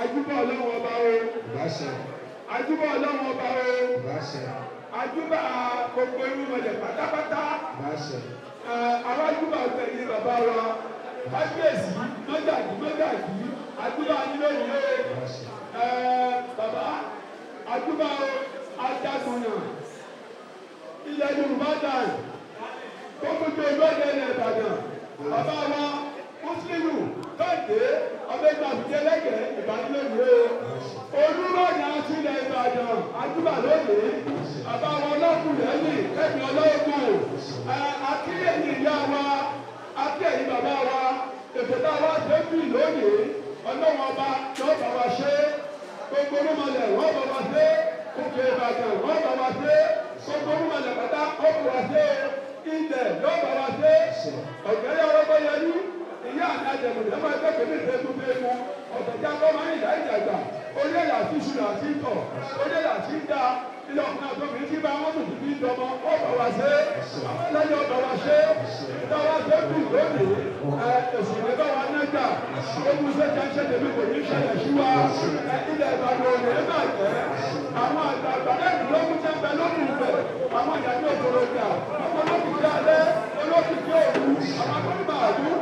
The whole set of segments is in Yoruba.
ajúbà ọlọ́run ọba o. ìbáṣẹ. ajúbà ọlọ́run ọba o. ìbáṣẹ. ajúbà gbogbo irúnmọlẹ̀ pátápátá. ìbáṣẹ. àwọn ajúbà ọ̀gbẹ́ ni bàbá wa kábíyèsí mọ́gàjì mọ́gàjì o nílòyìnbó. bàbá ajúbà o ajagunà ilẹ̀ yorùbá dàn kókòjò ìlú ọ̀dẹ̀ ilẹ̀ ìbàdàn bàbá wa mùsùlùmí. Bẹ́ẹ̀dé ọ̀bẹ́gbà àbújá ẹlẹ́gẹ̀ẹ́ ìbánilẹ́wò olúrọ̀yìn àtúnlẹ̀ Ìbàdàn àdúrà lónìí bàbá wọn lọ́kùnrin ẹ̀yìn kẹ́mi ọlọ́ọ̀gùn akíyèyìn ìyá wa akíyèyìn bàbá wa èbùdá wa débì lónìí ọlọ́wọ́n ọba tí ó bá wa ṣe gbogbo olúmọlẹ̀ wọ́n bá wa ṣe kókè Ìbàdàn wọ́n bá wa ṣe gbogbo olúmọlẹ̀ pátá ó bá wa ṣe ilẹ̀ yóò bá wa ṣe ọ̀gẹ́rẹ́ ọlọ́gbọ́n yẹn ìyá àti àjẹmọ̀jẹ́ máa gbé kébé ìfẹ́kùn fẹ́kùn ọ̀gbẹ̀já tó máa ń ìdá ìjàgbà orí ẹ̀yà tí ṣùgbọ́n àti ìtọ̀ orí ẹ̀yà tí ń da ilé ọkùnrin àtọkùnrin tí bá wọn tòjú bí dọmọ ọgbà wá ṣe àwọn ẹlẹ́yìn ọgbà wá ṣe ìdá wá ṣe kù lónìí ẹ èsì ìwé bá wa nájà ogun ṣe jẹ ṣe tèmi kò ní ṣẹlẹ̀ sí wa ẹ ilẹ̀ ìbàdàn òní ẹ máa jẹ àwọn àgbààgbà lẹ́yìn lógún tẹ́ bẹ lókùn bẹ̀ àwọn ìyàgbé òkòròjà àwọn olókùn jẹ́ alẹ́ olókùn jẹ́ òru àwọn akọ́nìmọ̀ àdúrà.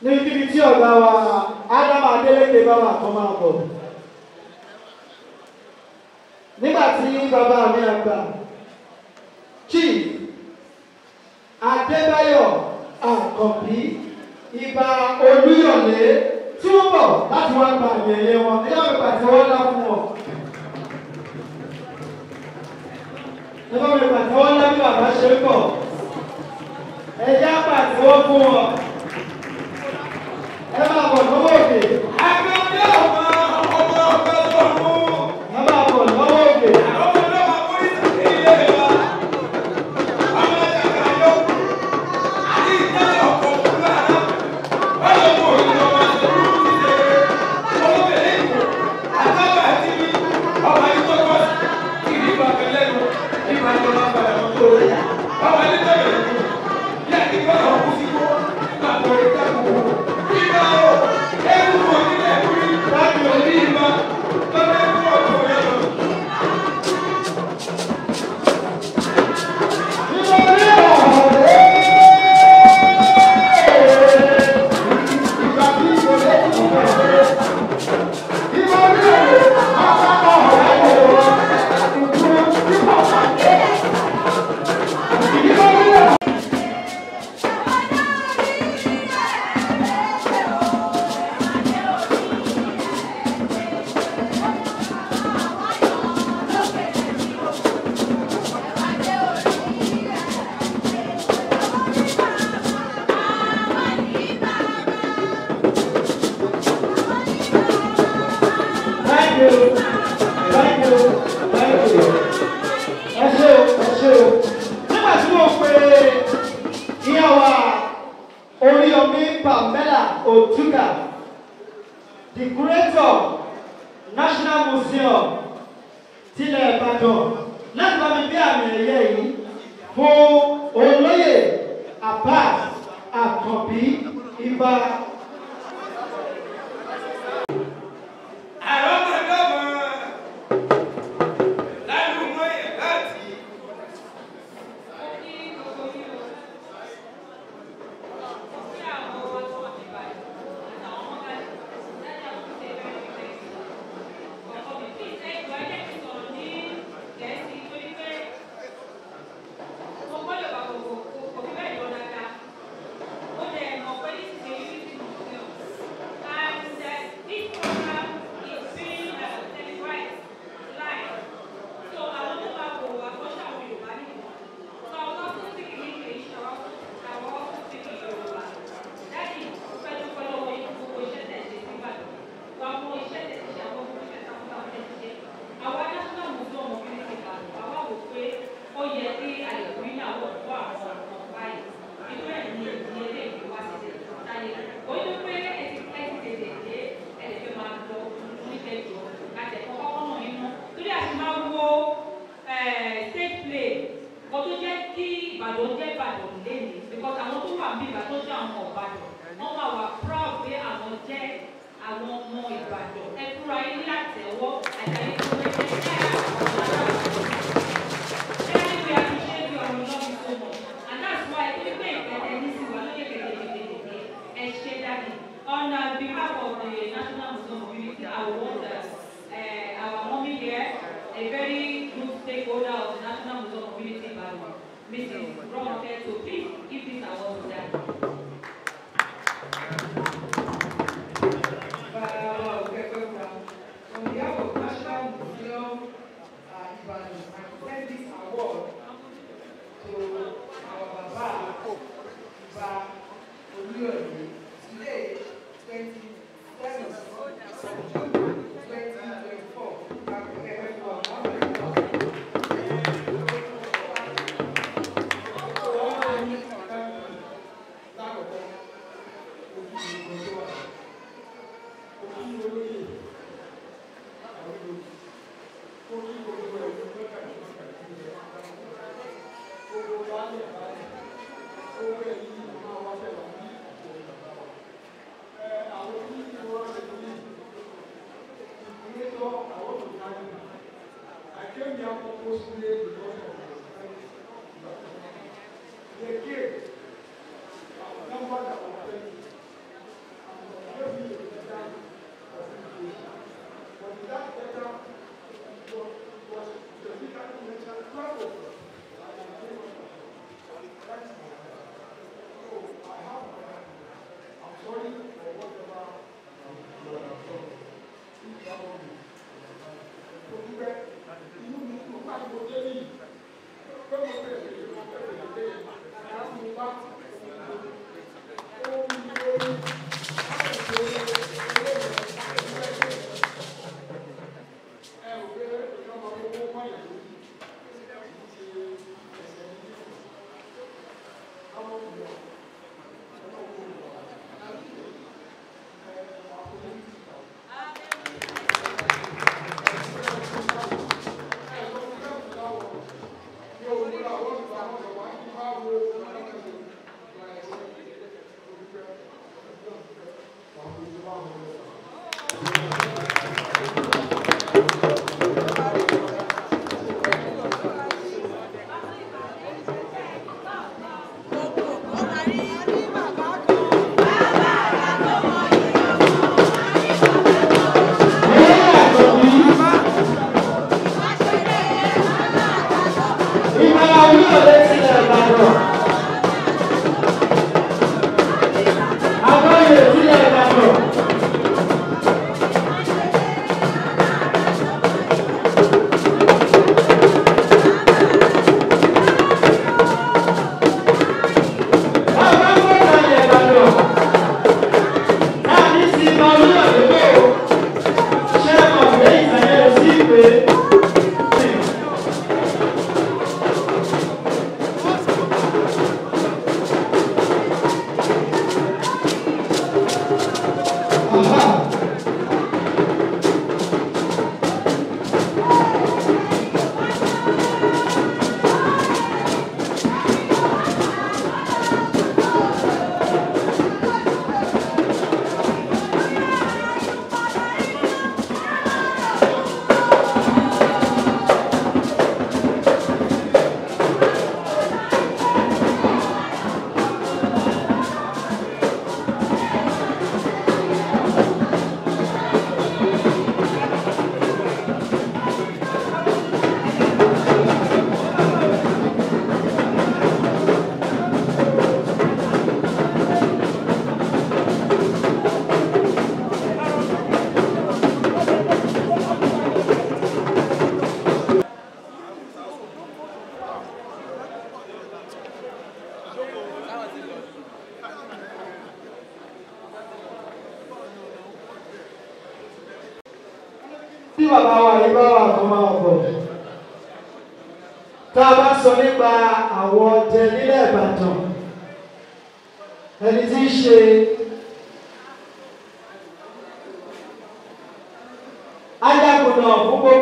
níbi tí ọ̀gá wa Adam Adeleke bá wà kọ́ máa bọ̀. nígbà tí bàbá mi àgbà Chief Adébáyọ̀ Àkànbí Ìbà Olúyọ̀lé tí wọ́n bọ̀ láti wá gba àmì ẹ̀yẹ wọn ẹ yá mi pàtẹ́wọ́ ńlá fún wọn. ẹ bá mi pàtẹ́wọ́ ńlá bí bàbá ṣe ń bọ̀ ẹ yá pàtẹ́wọ́ fún wọn. ẹ máa bọ̀ lọ́wọ́ òkè. àgbẹ̀ ọ̀dọ́ ọ̀ma. post-grade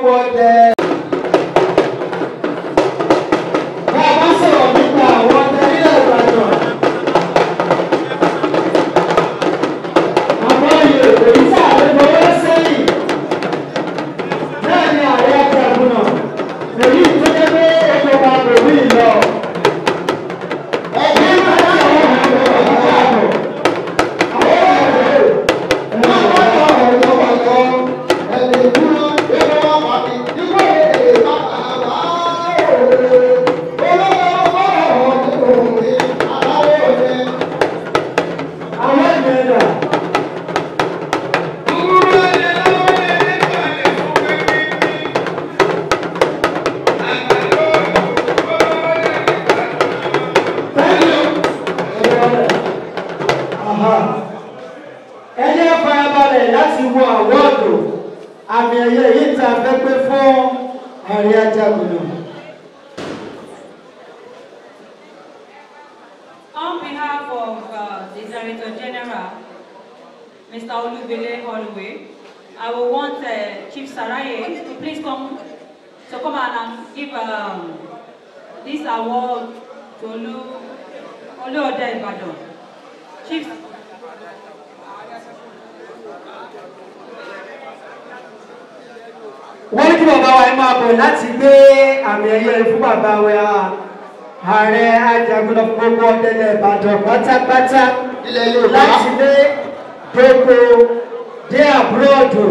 what that. láti lé gbogbo dé àbúròdù.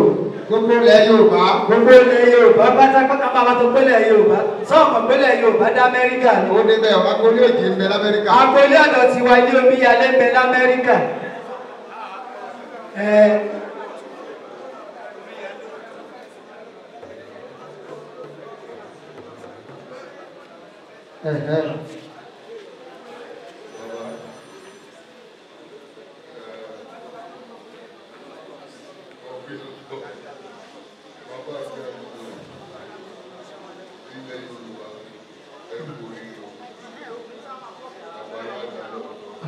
Gbogbo ilẹ̀ Yorùbá. Gbogbo ilẹ̀ Yorùbá pátápátá máa tó gbélé Yorùbá. Sọ́ọ̀mù gbélé Yorùbá dá Amẹ́ríkà ni. Ó débẹ̀ agolé òjì ń bẹ l'Amẹ́ríkà. Agolé ọ̀nà tiwa ilé omi yalé ń bẹ l'Amẹ́ríkà.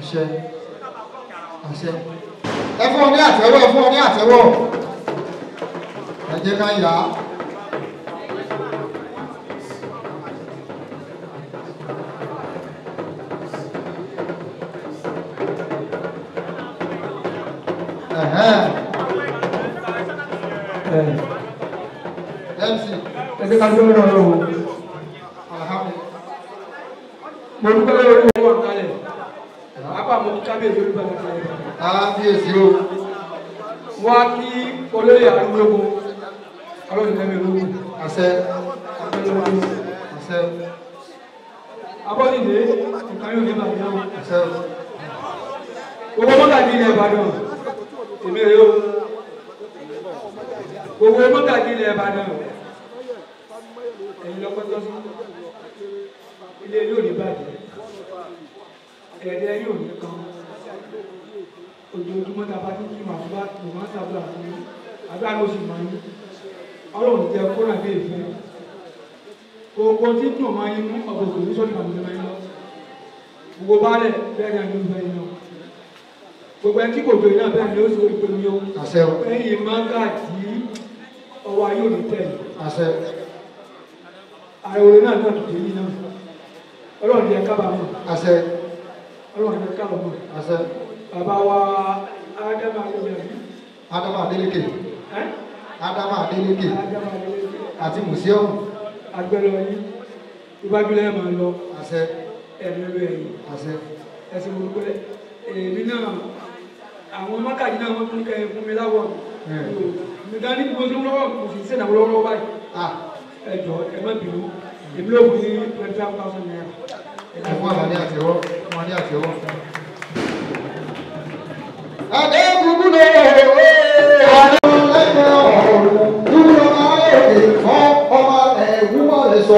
àṣẹ àṣẹ. ẹ fún ọ ní àtẹ́wọ́ ẹ fún ọ ní àtẹ́wọ́ ẹ jẹ́ ká yà á. ẹ̀ẹ́dẹ́gbẹ̀rún ọ̀rọ̀ mo dúpẹ́ lórí àti kábíyèsí olúbà mi fún ẹgbẹ́. kábíyèsí o. wọ́n á kí olóyè arúgbó ọlọ́run lẹ́mí olóko. àṣẹ. àṣẹ. abọ́nìlé ìkàrí òní màá yá o. àṣẹ. gbogbo mọ́tà ní ilẹ̀ ìbàdàn èmi rè o. gbogbo mọ́tà ní ilẹ̀ ìbàdàn ẹ̀yin lọ́kọ́ tọ́sí ilé yóò ní ẹ̀ẹ́dẹ́ yóò ní kan ojoojúmọ́ tá a bá tún kí màá fún bá mo máa ń sábà fún yín àgbà ló sì máa ń yín ọlọ́run jẹ kóra bí ìfẹ́ gbogbo tí dùn máa ń mú ọ̀gbọ̀n kò ní sọ́ni màá ní máa ń lọ gbogbo baálẹ̀ bẹ́ẹ̀ ni àjọ ìfẹ́ yín lọ gbogbo ẹni tí kò jọ iná bẹ́ẹ̀ ni ó sì pé mi ó ẹ̀yìn máńgà tí ọwọ́ ayé ò tẹ̀lé àrẹ̀wò náà náà tó dé yín náà ọlọ́run jẹ kábàámọ̀ ọlọ́run ní káwọn mọ̀. àṣẹ. bàbá wa ádámà adélèké. ádámà adélèké. ádámà adélèké. ádámà adélèké. àti mùsíọ̀mù. agbẹ́lẹ̀ ọyìn iwájú lẹ́yìn máa lọ. àṣẹ. ẹ̀ẹ́dẹ́gbẹ́ ẹ̀yìn. àṣẹ. ẹ̀sìn gbogbo èmi náà àwọn mọ́kàdí náà wọ́n tún kẹ́ fún mi láwọ̀ mi gan ní gbogbo lọ́wọ́ kò sì sẹ́nà lọ́wọ́lọ́wọ́ báyìí. Ah. ẹ jọ ẹ má bínú èmi ló wù ní ẹ̀fọ́ àlàní àtẹ̀wọ́ ọmọ ní àtẹ̀wọ́. Adé gbogbo náà wé adé lẹ́gbẹ̀ẹ́ ọ̀rọ̀ dúró máa ń lè fọ́ ọmọ ẹ̀wú máa lè sọ.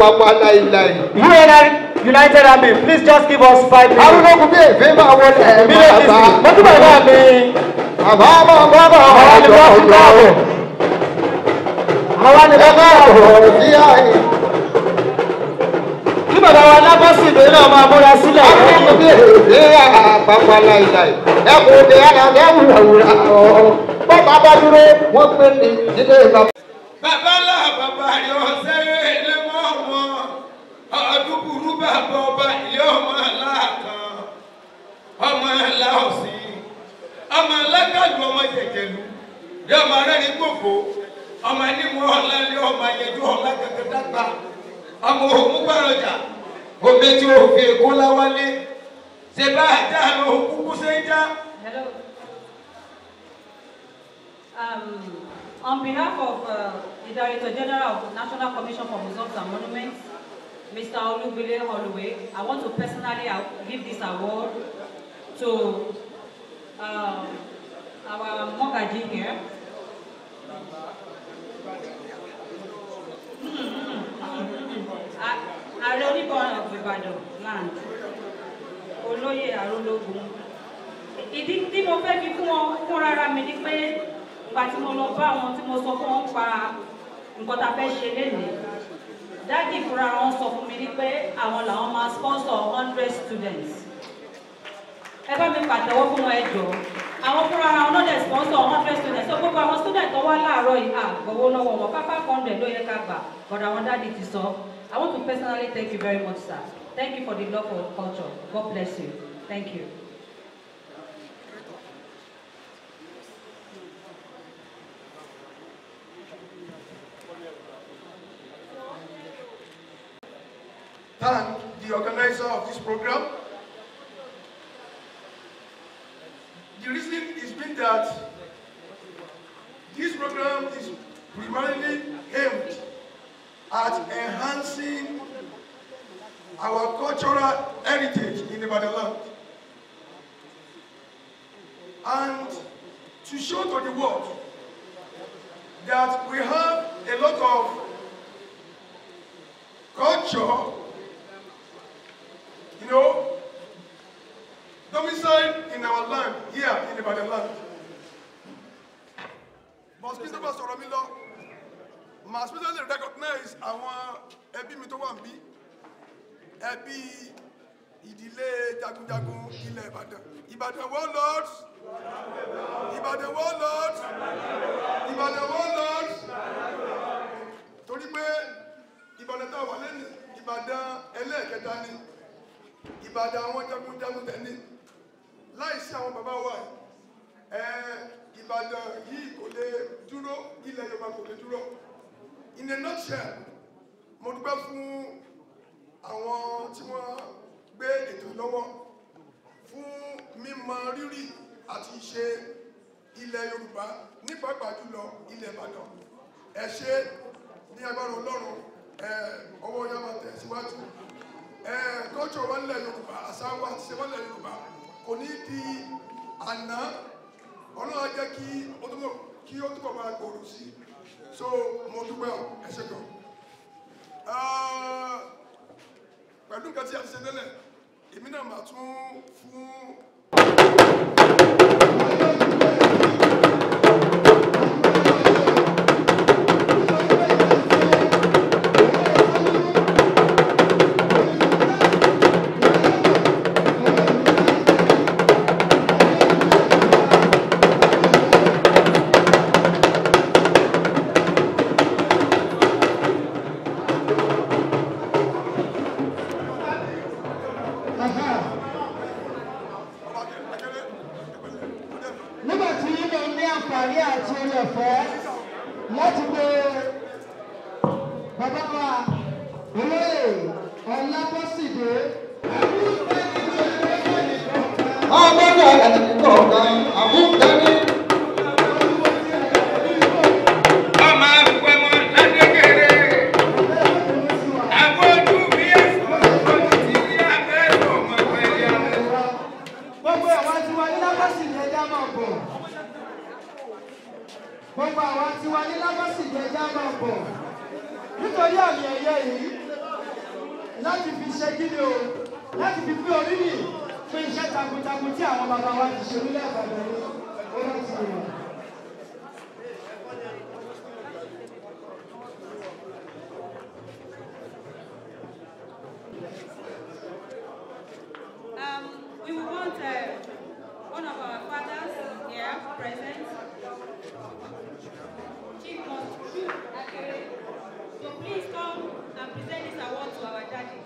papa láìláì. you and I united army please just give us five minutes. arúgbó kò bí èfé máa wọlé ẹ̀ máa bá. mọ́tò bàbá mi. bàbá bá bá bá ọjọ́ ọjọ́ rẹ̀. àwa ni bàbá ọ̀rọ̀ sí àyè. kí bàbá wa lábọ́sì ìbéèrè náà máa múra sílẹ̀. arúgbó kò bí èfé papa láìláì. ẹ kò dé ara lẹ́wùrà wùrà ọ̀ bàbá bá dúró wọ́n pè ní ìdílé bàbá. bàbá làbàbà yọ sẹ́yìn adúgbùrú bàbá ọba ìyá ọmọ aláàkan ọmọ aláòsì ọmọ alágàjù ọmọ jẹjẹlu bí ọmọ arẹ́rìn gbòfò ọmọ ẹnìmọ̀ ọ̀làlẹ́ ọmọ ayẹjú ọ̀la kẹkẹ dàgbà ọmọ òmùgbàrọ̀jà omi tí o èkó láwálé ṣe bá ajá kúkú ṣe Um, on behalf of uh, the Director General of National Commission for Museums and Monuments, Mr. Olubile Holloway. I want to personally uh, give this award to um, our Mokaji here. Ààrẹ born of Ìbàdàn land, olóyè Arólógún. Ìdí tí mo fẹ́ fi fún wọn fún rárá mi ni pé ìgbà tí mo lọ bá wọn tí mo sọ fún wọn pa nǹkan tá a fẹ́ ṣe lénìí dáàdì fúnra wọn sọ fún mi ní pé àwọn làwọn máa sponsor hundred students ẹ bá mi pàtẹ́wọ́ fún wọn ẹ jọ̀ọ́ àwọn fúnra wọn náà dẹ̀ sponsor hundred students so gbogbo àwọn students tó wá láàárọ̀ yìí à gbowó lọ́wọ́ wọn pápá hundred ló yẹ ká gbà bọ̀dọ̀ àwọn dáàdì ti sọ I want to personally thank you very much sir thank you for the love for culture God bless you thank you. thank the organizer of this program, gbòòrò sí so mo dúpẹ́ o ẹ ṣe kàn ah, pẹ̀lú nǹkan tí a ti ṣe tẹ́lẹ̀ èmi náà máa tún fún. So please come and present this award to our judges.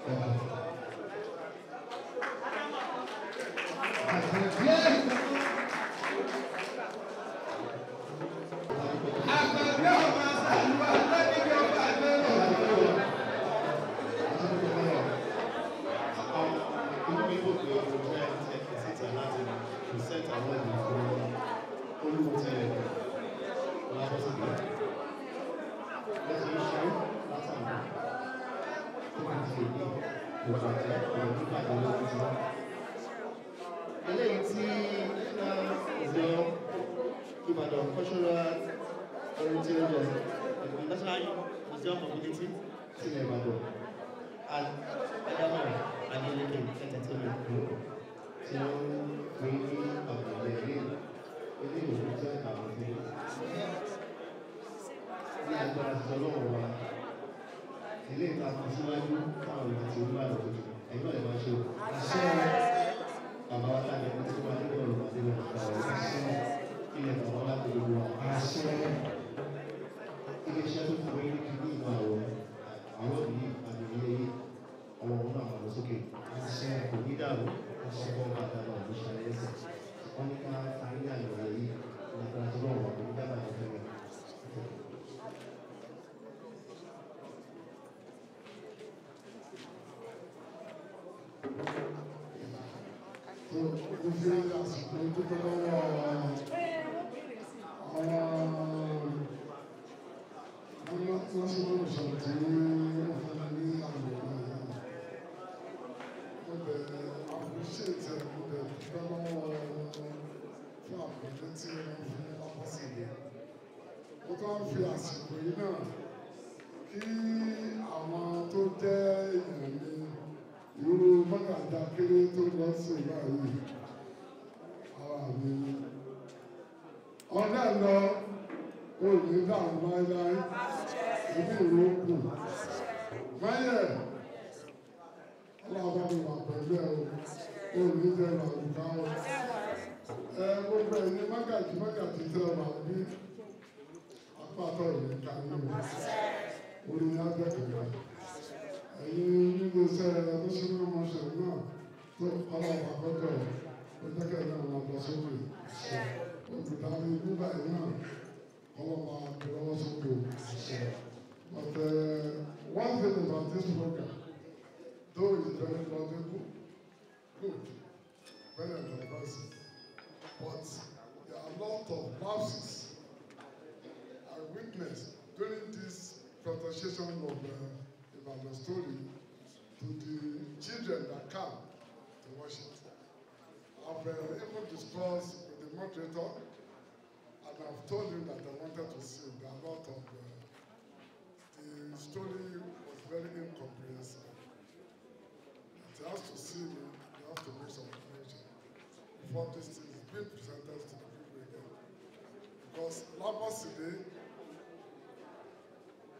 was Laboside.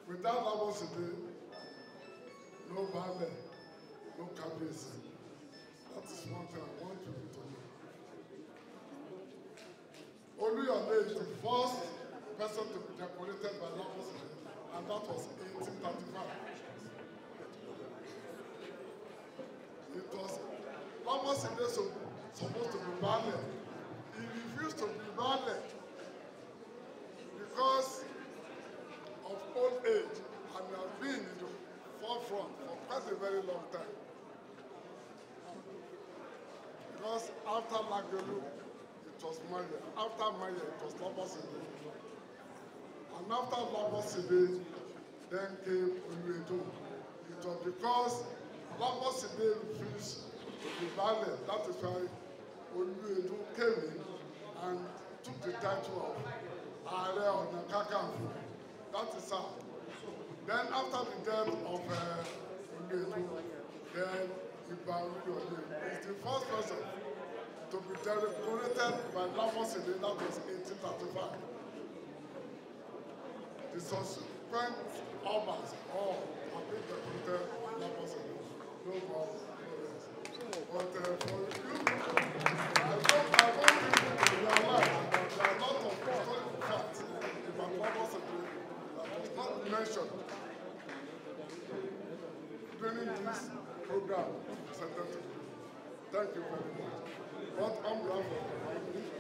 Without Laboside, no ballet, no capitalism. That is one thing I want people to know. Oluyole is the first person to be decorated by Laboside, and that was 1835. It was Laboside supposed to be ballet. He refused to be ballet because of old age and have been in the forefront for quite a very long time. Because after Lagelu, it was Maya. After Maya, it was Labasidi. And after Labasidi, then came Oluedo. It was because Labasidi refused to be valid. That is why Oluedo came in and took the title of Ààrẹ Ọ̀nà that is how then after the death of Oluyeto uh, then Iba Oluyode is the first person to be decorated by Lafosile that was 1835 the subsequent Obas all have been decorated by Lafosile no problem but uh, for you. not mentioned during this program. Thank you very much. But I'm laughing.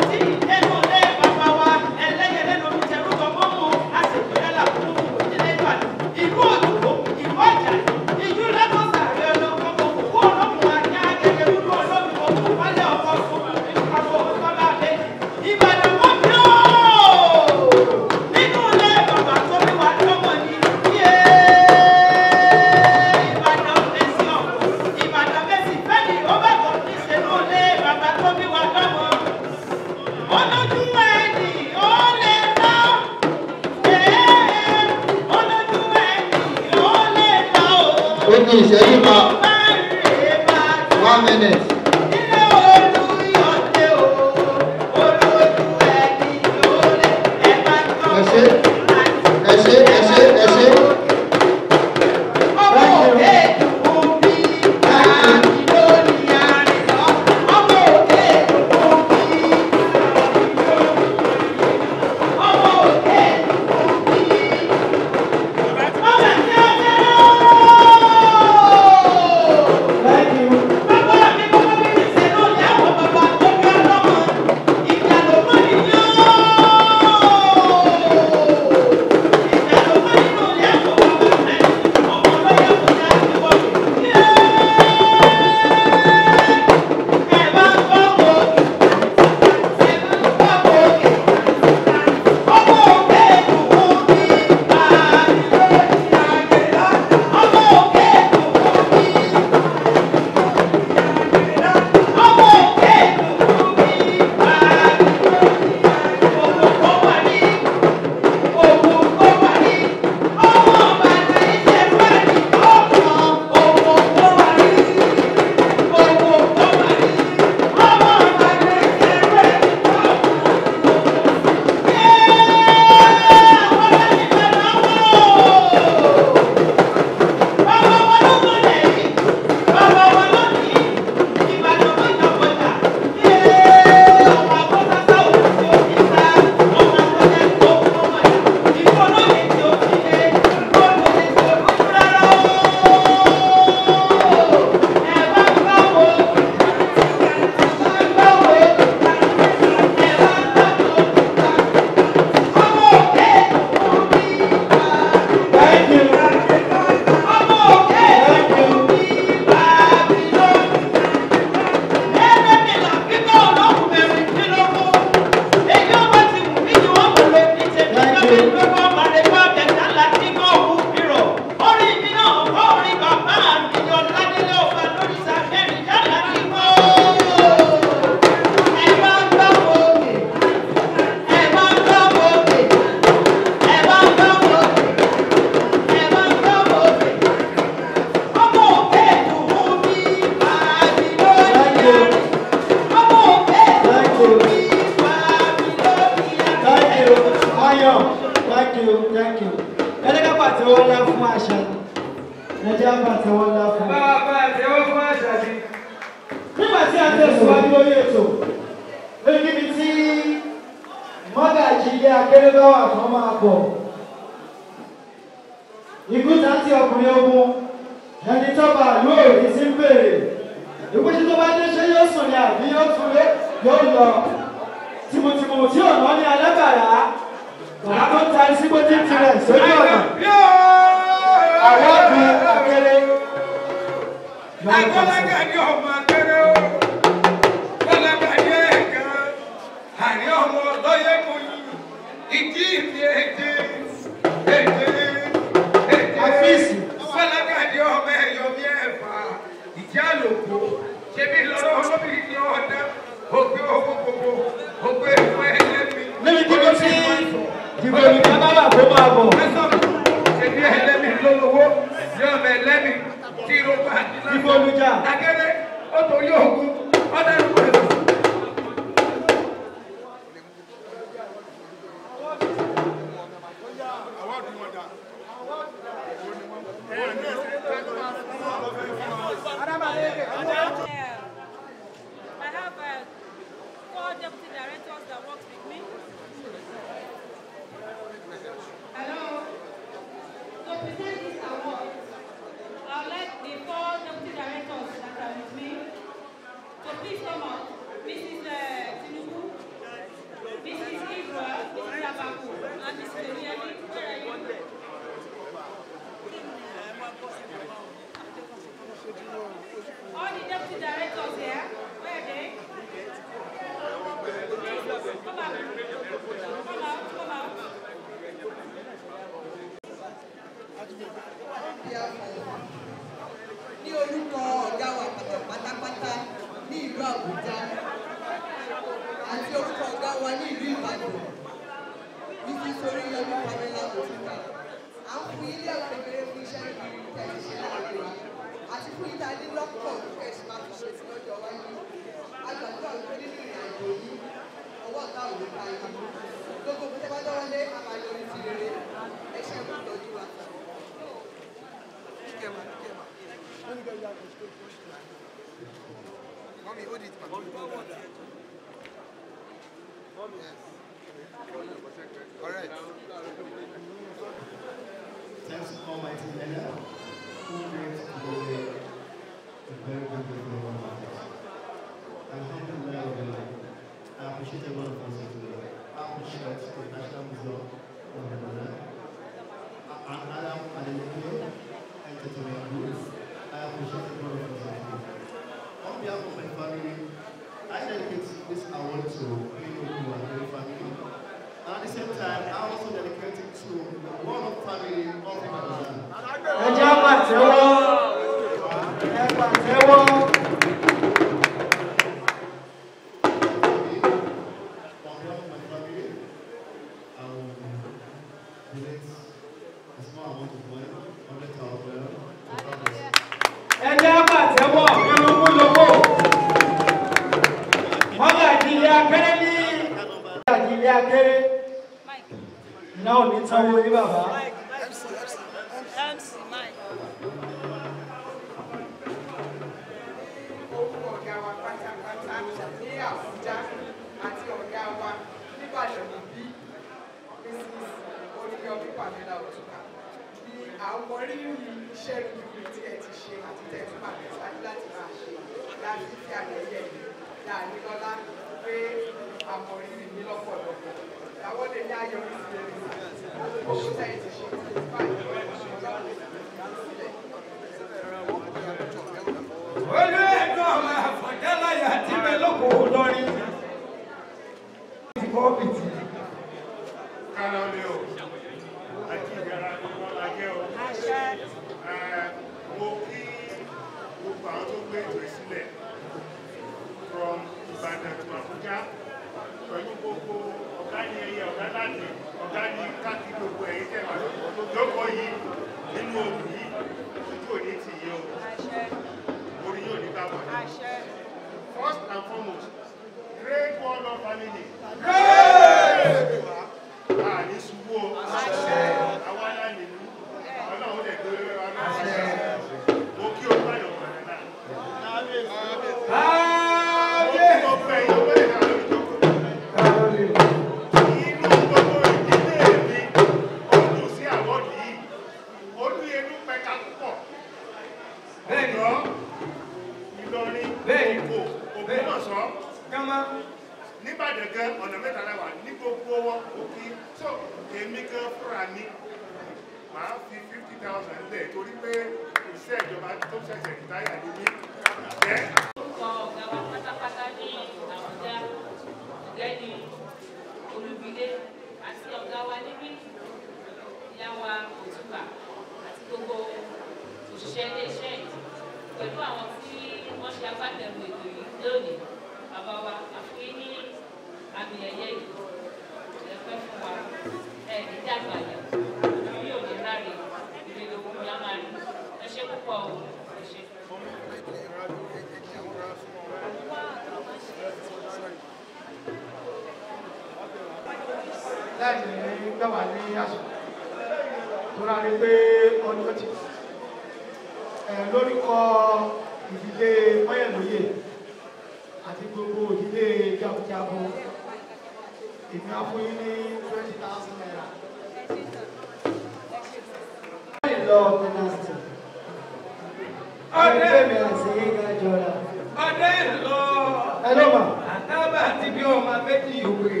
you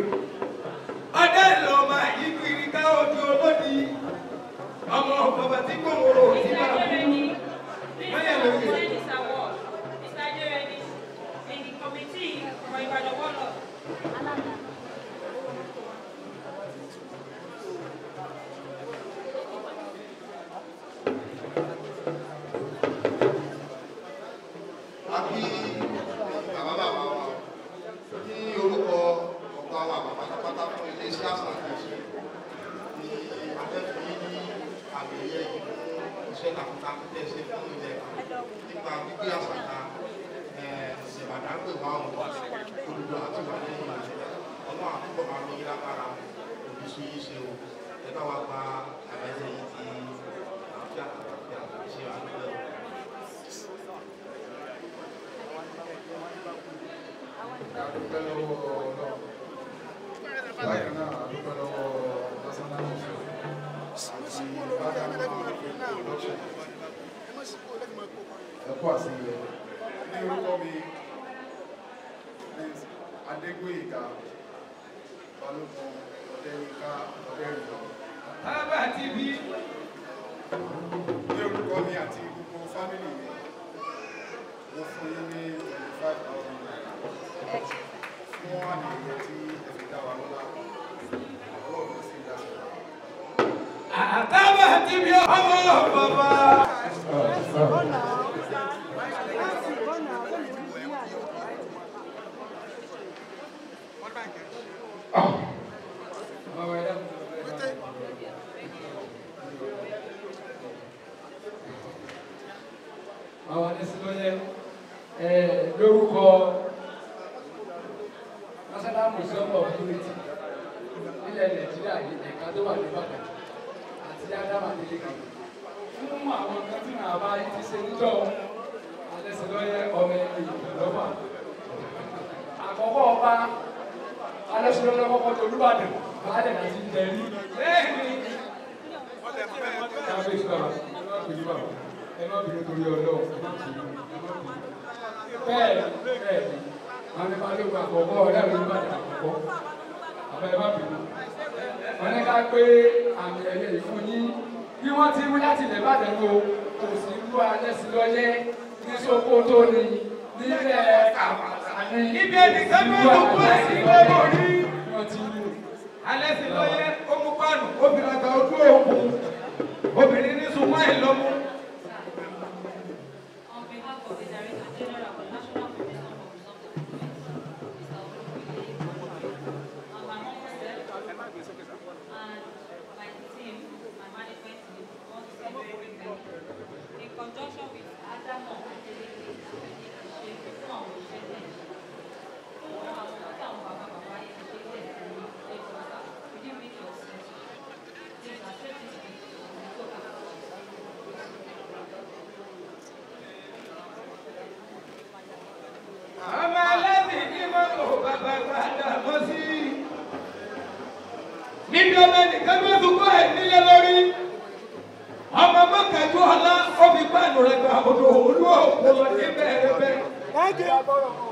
Oh. ẹ má bínú wọn ní ká pé àmì ẹ̀yẹ ìfún yín bí wọ́n ti wí láti ilẹ̀ Ìbàdàn o kò sí irú alẹ́ sí lọ́yẹ́ ní Sókótó ni nílẹ̀ Kàmàtà ni ibi ẹni sẹ́fẹ́ tó kú sí lọ́yẹ́ orí wọ́n ti wí alẹ́ sí lọ́yẹ́ ó mú pánù obìnrin àgbà ojú òkun obìnrin ní sunwọ́n ìlọ́mú. Thank you.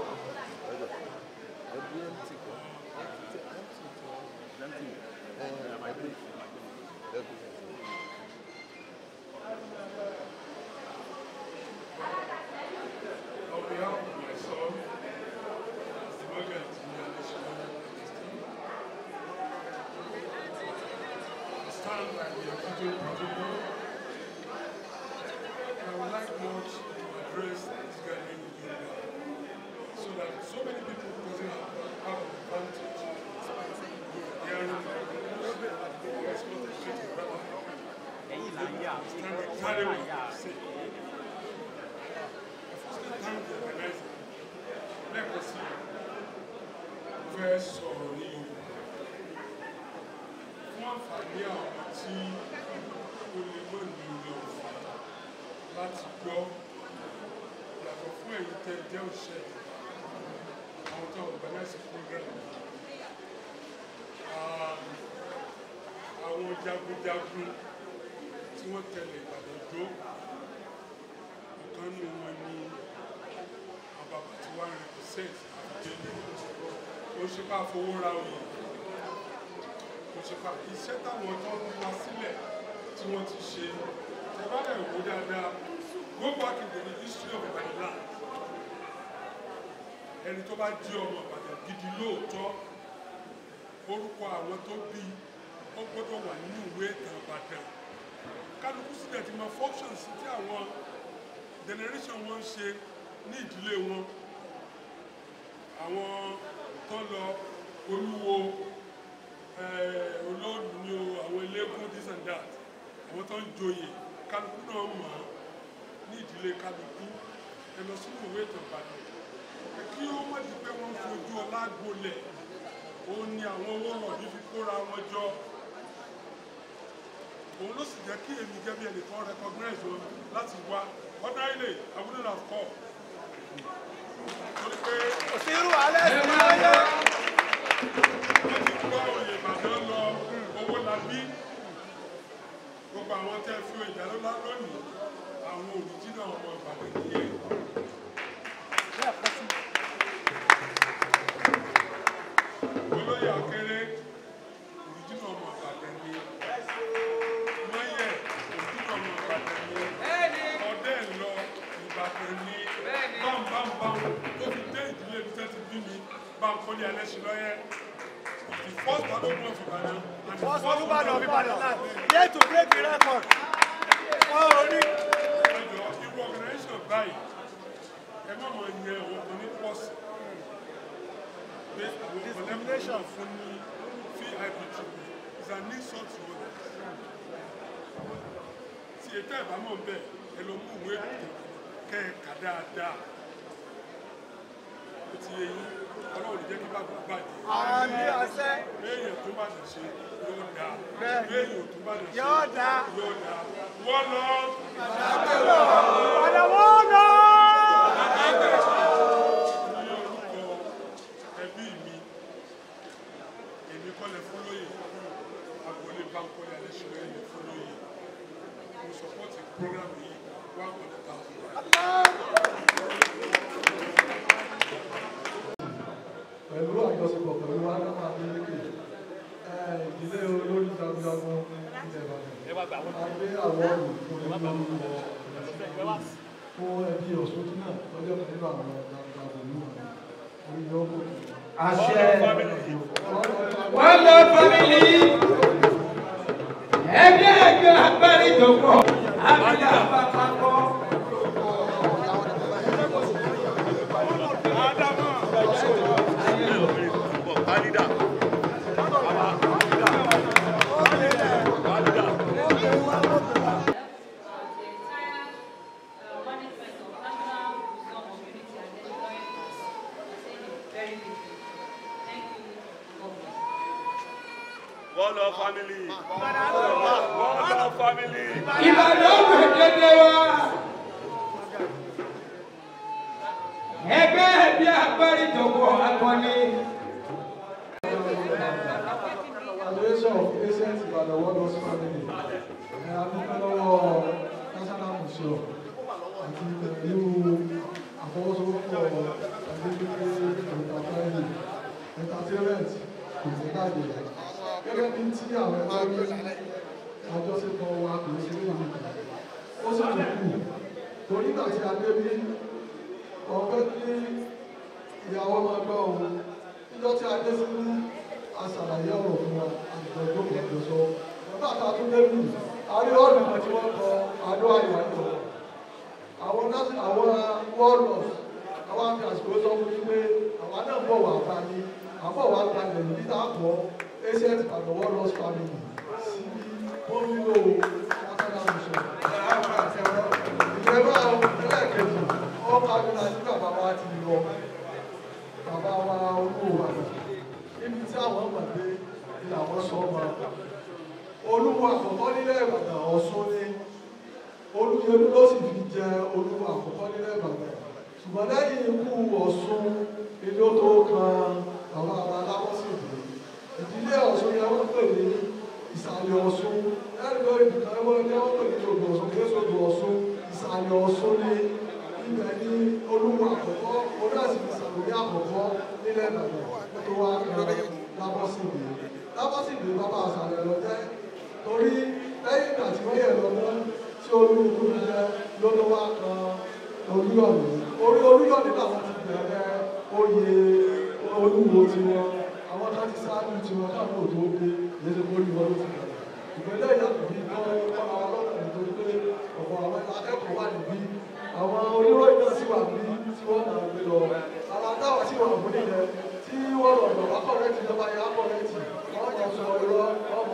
máa fowó ra òyìn kò ṣe pa iṣẹ́ táwọn tó ń wá sílẹ̀ tí wọ́n ti ṣe ẹ bá dẹ̀ wò dáadáa go back into the history of my land ẹni tó bá jí ọmọ Ìbàdàn gidi lóòótọ́ orúkọ àwọn tó bí ó gbọ́dọ̀ wà nínú ìwé ìtàn Ìbàdàn kálukú sílẹ̀ ti mọ functions tí àwọn generation wọn ń ṣe ní ìdílé wọn àwọn kán lọ olúwo olóòlù ni o àwọn eléégún this àwọn tó ń joyè kálukú náà mọ̀ ọ́ ní ìdílé kálukú ẹ sínú ìwé ìtàn kí ó má di pé wọ́n fi ọlá gbolẹ̀ òun ni àwọn owó rọ̀bí fi kóra wọn jọ òun ló sì jẹ́ kí èmi gẹ́gẹ́ bí ẹnìkan recognize wọn láti wá ordinarily I wouldn't have òsínrú alẹ́ sí láyé. gbogbo àwọn tẹ́ fi ìdálọ́lá lónìí àwọn olùdíje náà ọmọ Ìbàdàn nìyẹn. àgbà yìí. àmì àṣẹ. béèyàn tó bá lè ṣe yóò dá. bẹ́ẹ̀ béèyàn tó bá lè ṣe yóò dá. yóò dá. wọ́n lọ. àdàbẹ̀wò. àdàbẹ̀wò lọ. program yìí one hundred thousand. àwọ̀dù fún ẹbí fún ẹbí ọ̀ṣun tí náà lọ́jọ́ kan nínú àwọn ọ̀gá pẹ̀lú orí yọ́gbọ̀. àṣẹ wọ́n lọ Ìbàdàn ọ̀gbẹ̀ of Patients Ìbàdàn World Hospital ẹ̀ adúgbòlọ́wọ́ gẹ́gẹ́ bí tí àwọn ẹ̀ka rí àjọṣepọ̀ wa kò ṣe ní ìlú ó sì tún kù torí ìgbà tí a dé bí ọ̀pẹ́ kí ìyàwó máa gbọ́ òun níjọ́ tí a dé sí ní aṣàlàyé ọ̀rọ̀ fún wa àjọ̀dún ìjọsọ nígbà tá a tún dé bí àrí ọ̀nà tí wọ́n kọ adó àyà ìjọ àwọn àwọn wọ́ọ̀lọ̀ àwọn àti àsìkò sọ fún mi pé àwọn náà bọ̀ wà bá yín àbọ̀ wà bá yẹn nígbà pọ̀ patient and the world lost family sí gómìnà akada musu ìjọba ẹlẹ́ẹ̀kejì ọkọ̀ àdúrà tí bàbá wa ti lọ bàbá wa olúwa níbi tí àwọn gbàgbé làwọn sọ ma olúwa àkọ́kọ́ nílẹ̀ Ìbàdàn Ọ̀ṣun ni olùyẹlú ló sì fi jẹ olúwa àkọ́kọ́ nílẹ̀ Ìbàdàn ṣùgbọ́n lẹ́yìn ikú Ọ̀ṣun ilé tó kan àwọn àwọn aláwọ̀ sí ìdílé ọ̀ṣun ni wọ́n pè ní ìsàlẹ̀ ọ̀ṣun láti lórí ìdílé ní wọ́n pè ní ìjọba ọ̀ṣun kí èso ìjọba ọ̀ṣun ìsàlẹ̀ ọ̀ṣun ni ibẹ̀ ní olúwa àkọ́kọ́ onáàsì ìsàlẹ̀ àkọ́kọ́ nílẹ̀ ìbàdàn tó wá lábọ́sìbì lábọ́sìbì bàbá àsàlẹ̀ lọ jẹ́ torí lẹ́yìn ìgbà tí wọ́n yẹ̀ lọ́dọ́ tí olúkú jẹ lọ́lọ́wọ́ kan olúyọ̀nì orí olúyọ̀nì làwọn ti bẹ̀rẹ̀ oyè olúwo tiwọn àwọn ti sáájú ti wọn káàmù òjò ó dé yé wọn ló ti ìpínlẹ̀ ìyàtọ̀ yìí kọ́ ọ̀pọ̀ àwọn ọlọ́pàá nítorí ọ̀pọ̀ àwọn akẹ́kọ̀ọ́ wà níbí àwọn oníròyìn náà sì wà níbí tí wọ́n náà gbé lọ àwọn sì wà fún nílẹ̀ tí wọ́n lọ lọ akọ̀rẹ́tì lọ́ba yẹn akọ̀rẹ́tì wọ́n yẹ sọ irọ́ ọmọ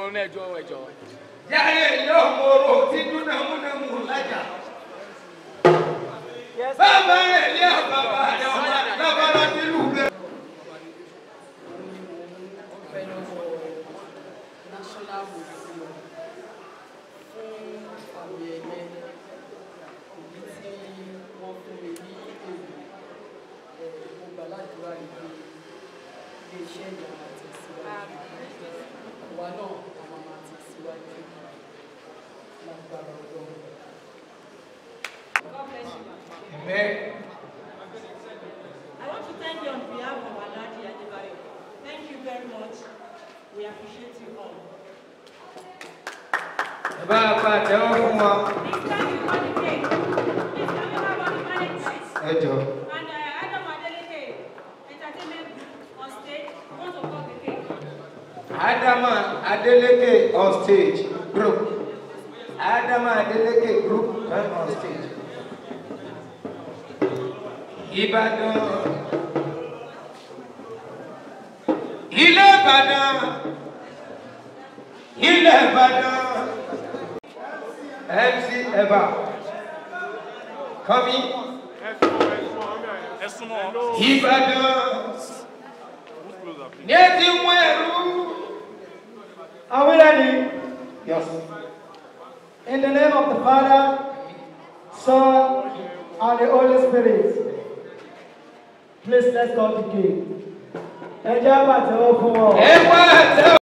wọnú ẹjọ́ ẹjọ́. yàrá yóò mọ̀rọ̀ tí dúnàmúnàmù lájà. bàbá rẹ̀ ní àbàbà lábára nílùú bẹ́ẹ̀. national I want to thank you on behalf of Alhaji Adebayo. Thank you very much. We appreciate you all. Bá a bá tẹ́wọ́ fún wa. Ẹ jọ̀ọ́. Adama Adeleke on stage group. Adama Adeleke group on stage. Ìbàdàn. Ilé Ìbàdàn. Ilé Ìbàdàn. MC Eva. Coming. Ìbàdàn. Ní ti wọ́n ẹ̀rú. Are we ready? Yes. In the name of the Father, Son, and the Holy Spirit. Please let's go to King. Ẹ